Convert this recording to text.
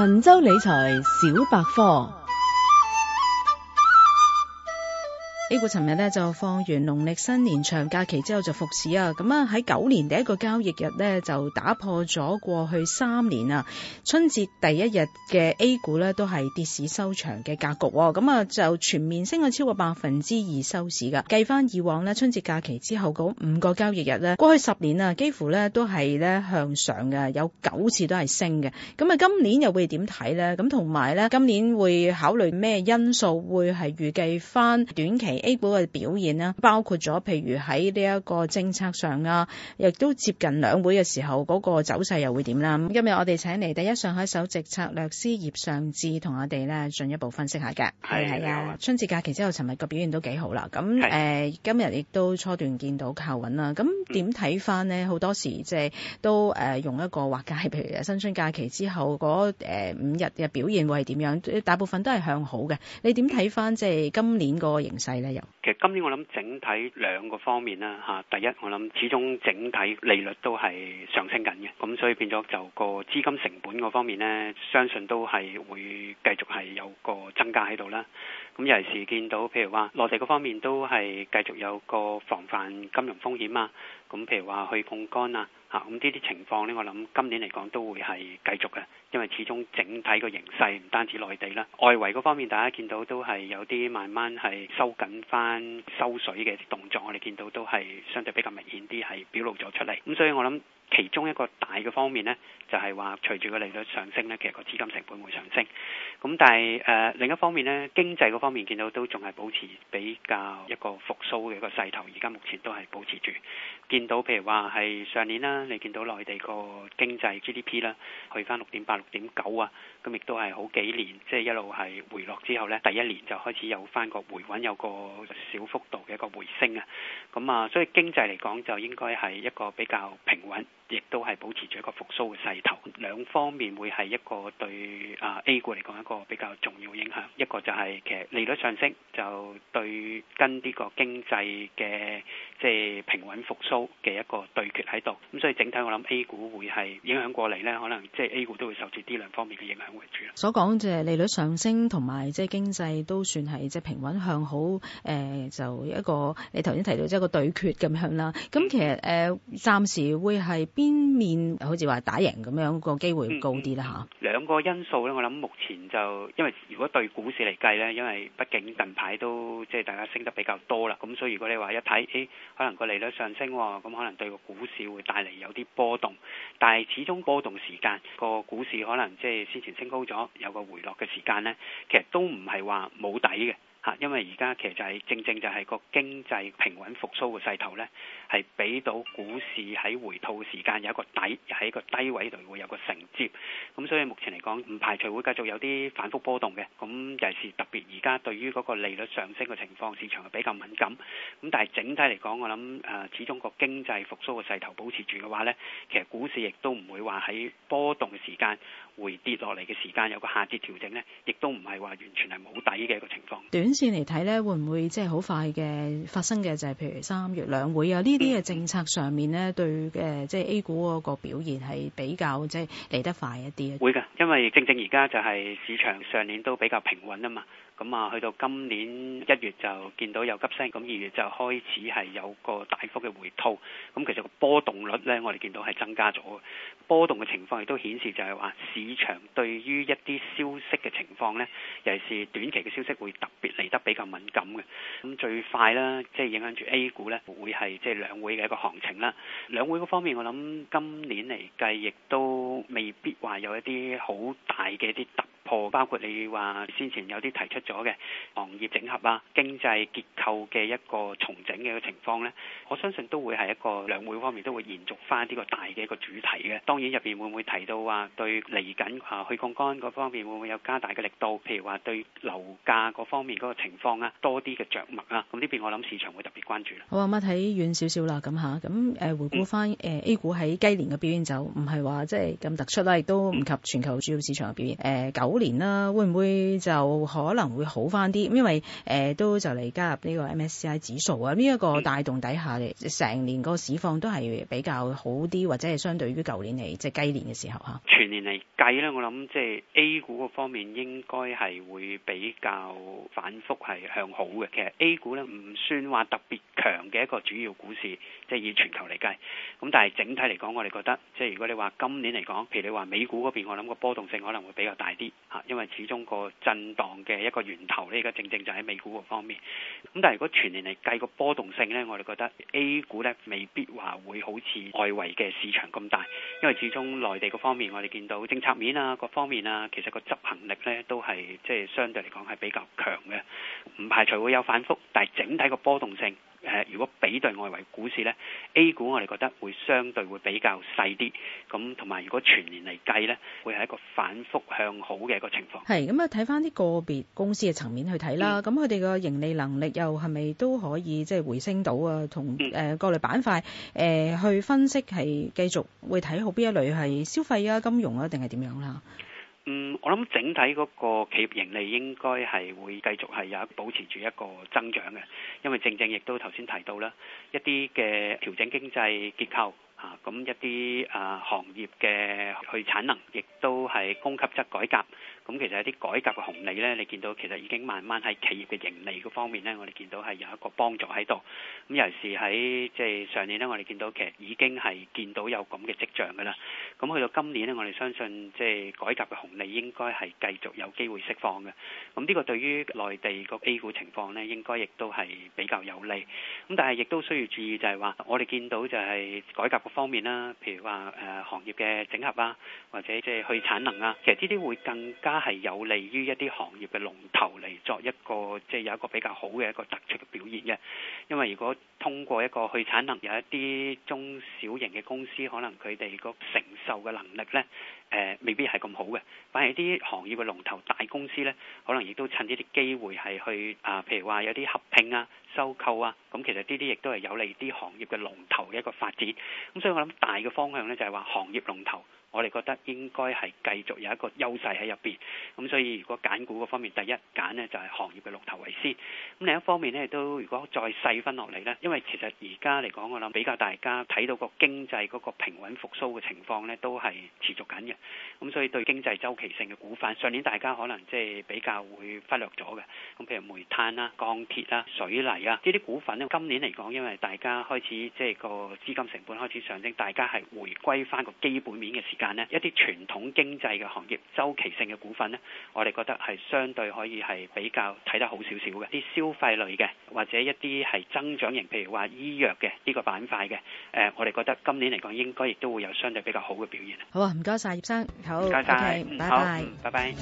神州理財小百科。A 股尋日呢就放完農曆新年長假期之後就復市啊！咁啊喺狗年第一個交易日呢，就打破咗過去三年啊春節第一日嘅 A 股呢都係跌市收場嘅格局，咁啊就全面升咗超過百分之二收市㗎。計返以往呢，春節假期之後嗰五個交易日呢，過去十年啊幾乎呢都係呢向上嘅，有九次都係升嘅。咁啊今年又會點睇呢？咁同埋呢，今年會考慮咩因素會係預計返短期？A 股嘅表現咧，包括咗譬如喺呢一個政策上啊，亦都接近兩會嘅時候，嗰、那個走勢又會點啦？今日我哋請嚟第一上海首席策略師葉尚志同我哋咧進一步分析下嘅。係係啊，的的春節假期之後，尋日嘅表現都幾好啦。咁誒的、呃，今日亦都初段見到靠穩啦。咁點睇翻呢？好、嗯、多時即、就、係、是、都誒用一個畫界，譬如新春假期之後嗰、那個呃、五日嘅表現會係點樣？大部分都係向好嘅。你點睇翻即係今年嗰個形勢咧？其實今年我諗整體兩個方面啦，第一我諗始終整體利率都係上升緊嘅，咁所以變咗就個資金成本嗰方面咧，相信都係會繼續係有個增加喺度啦。咁尤其是見到譬如話，內地嗰方面都係繼續有個防範金融風險啊，咁譬如話去槓桿啊。吓咁呢啲情況咧，我諗今年嚟講都會係繼續嘅，因為始終整體個形勢唔單止內地啦，外圍嗰方面大家見到都係有啲慢慢係收緊翻收水嘅動作，我哋見到都係相對比較明顯啲，係表露咗出嚟。咁所以我諗。其中一個大嘅方面呢，就係話隨住個利率上升呢，其實個資金成本會上升。咁但係誒另一方面呢，經濟嗰方面見到都仲係保持比較一個復甦嘅一個勢頭，而家目前都係保持住。見到譬如話係上年啦，你見到內地個經濟 GDP 啦，去翻六點八、六點九啊，咁亦都係好幾年，即係一路係回落之後呢，第一年就開始有翻個回穩，有個小幅度嘅一個回升啊。咁啊，所以經濟嚟講就應該係一個比較平穩。亦都係保持住一個復甦嘅勢頭，兩方面會係一個對啊 A 股嚟講一個比較重要影響，一個就係其實利率上升就對跟呢個經濟嘅即係平穩復甦嘅一個對決喺度，咁所以整體我諗 A 股會係影響過嚟呢，可能即係 A 股都會受住呢兩方面嘅影響為主。所講即係利率上升同埋即係經濟都算係即係平穩向好，誒就一個你頭先提到即係個對決咁樣啦。咁其實誒暫時會係。邊面好似話打贏咁樣個機會會高啲啦吓，兩、嗯、個因素咧，我諗目前就，因為如果對股市嚟計咧，因為畢竟近排都即係大家升得比較多啦，咁所以如果你話一睇，誒，可能個利率上升，咁可能對個股市會帶嚟有啲波動，但係始終波動時間個股市可能即係先前升高咗，有個回落嘅時間咧，其實都唔係話冇底嘅。吓，因為而家其實就係正正就係個經濟平穩復甦嘅勢頭咧，係俾到股市喺回吐嘅時間有一個底，喺個低位度會有個承接。咁所以目前嚟講，唔排除會繼續有啲反覆波動嘅。咁尤其是特別而家對於嗰個利率上升嘅情況，市場係比較敏感。咁但係整體嚟講，我諗誒始終個經濟復甦嘅勢頭保持住嘅話咧，其實股市亦都唔會話喺波動嘅時間回跌落嚟嘅時間有個下跌調整咧，亦都唔係話完全係冇底嘅一個情況。短線嚟睇咧，會唔會即係好快嘅發生嘅就係譬如三月兩會啊呢啲嘅政策上面咧，對誒即係 A 股嗰個表現係比較即係嚟得快一啲啊？會噶，因為正正而家就係市場上年都比較平穩啊嘛。咁啊，去到今年一月就見到有急升，咁二月就開始係有個大幅嘅回吐。咁其實個波動率咧，我哋見到係增加咗。波動嘅情況，亦都顯示就係話市場對於一啲消息嘅情況咧，尤其是短期嘅消息會特別嚟得比較敏感嘅。咁最快啦，即係影響住 A 股咧，會係即係兩會嘅一個行情啦。兩會嗰方面，我諗，今年嚟計亦都未必話有一啲好大嘅一啲突。包括你話先前有啲提出咗嘅行業整合啊、經濟結構嘅一個重整嘅一個情況呢，我相信都會係一個兩會方面都會延續翻呢個大嘅一個主題嘅。當然入邊會唔會提到話、啊、對嚟緊、啊、去槓桿嗰方面會唔會有加大嘅力度？譬如話對樓價嗰方面嗰個情況啊，多啲嘅着墨啊。咁呢邊我諗市場會特別關注啦。好啊，咁睇遠少少啦，咁嚇咁誒回顧翻誒 A 股喺雞年嘅表現就唔係話即係咁突出啦，亦都唔及全球主要市場嘅表現誒九呃年啦，會唔會就可能會好返啲？因為誒、呃、都就嚟加入呢個 MSCI 指數啊，呢、這、一個帶動底下嚟成年個市況都係比較好啲，或者係相對於舊年嚟即係雞年嘅時候吓。全年嚟計咧，我諗即係 A 股個方面應該係會比較反覆係向好嘅。其實 A 股咧唔算話特別。強嘅一個主要股市，即係以全球嚟計。咁但係整體嚟講，我哋覺得，即係如果你話今年嚟講，譬如你話美股嗰邊，我諗個波動性可能會比較大啲吓，因為始終個震盪嘅一個源頭呢，而家正正就喺美股嗰方面。咁但係如果全年嚟計個波動性呢，我哋覺得 A 股呢未必話會好似外圍嘅市場咁大，因為始終內地嗰方面，我哋見到政策面啊，各方面啊，其實個執行力呢都係即係相對嚟講係比較強嘅。唔排除會有反覆，但係整體個波動性。誒，如果比對外圍股市咧，A 股我哋覺得會相對會比較細啲，咁同埋如果全年嚟計咧，會係一個反覆向好嘅一個情況。係，咁啊睇翻啲個別公司嘅層面去睇啦，咁佢哋個盈利能力又係咪都可以即係、就是、回升到啊？同誒各類板塊、呃、去分析係繼續會睇好邊一類係消費啊、金融啊，定係點樣啦？嗯，我諗整體嗰個企業盈利應該係會繼續係有保持住一個增長嘅，因為正正亦都頭先提到啦，一啲嘅調整經濟結構嚇，咁、啊、一啲啊行業嘅去產能，亦都係供給側改革。咁其實一啲改革嘅紅利呢，你見到其實已經慢慢喺企業嘅盈利嗰方面呢，我哋見到係有一個幫助喺度。咁尤其是喺即係上年呢，我哋見到其實已經係見到有咁嘅跡象噶啦。咁去到今年呢，我哋相信即係改革嘅紅利應該係繼續有機會釋放嘅。咁呢個對於內地個 A 股情況呢，應該亦都係比較有利。咁但係亦都需要注意就係話，我哋見到就係改革嘅方面啦，譬如話誒行業嘅整合啊，或者即係去產能啊，其實呢啲會更加。係有利於一啲行業嘅龍頭嚟作一個，即係有一個比較好嘅一個突出嘅表現嘅。因為如果通過一個去產能，有一啲中小型嘅公司，可能佢哋個承受嘅能力呢，誒、呃，未必係咁好嘅。反而啲行業嘅龍頭大公司呢，可能亦都趁呢啲機會係去啊，譬如話有啲合併啊、收購啊，咁、嗯、其實呢啲亦都係有利啲行業嘅龍頭嘅一個發展。咁所以我諗大嘅方向呢，就係話行業龍頭。我哋覺得應該係繼續有一個優勢喺入邊，咁所以如果揀股嗰方面，第一揀呢就係、是、行業嘅龍頭為先，咁另一方面呢，都如果再細分落嚟呢，因為其實而家嚟講，我諗比較大家睇到個經濟嗰個平穩復甦嘅情況呢，都係持續緊嘅。咁所以對經濟周期性嘅股份，上年大家可能即係比較會忽略咗嘅。咁譬如煤炭啦、鋼鐵啦、水泥啊，呢啲股份呢，今年嚟講，因為大家開始即係個資金成本開始上升，大家係回歸翻個基本面嘅時間呢，一啲傳統經濟嘅行業周期性嘅股份呢，我哋覺得係相對可以係比較睇得好少少嘅。啲消費類嘅或者一啲係增長型，譬如話醫藥嘅呢個板塊嘅，誒，我哋覺得今年嚟講應該亦都會有相對比較好嘅表現。好啊，唔該晒，葉生。好，拜拜。嗯，好，嗯，拜拜。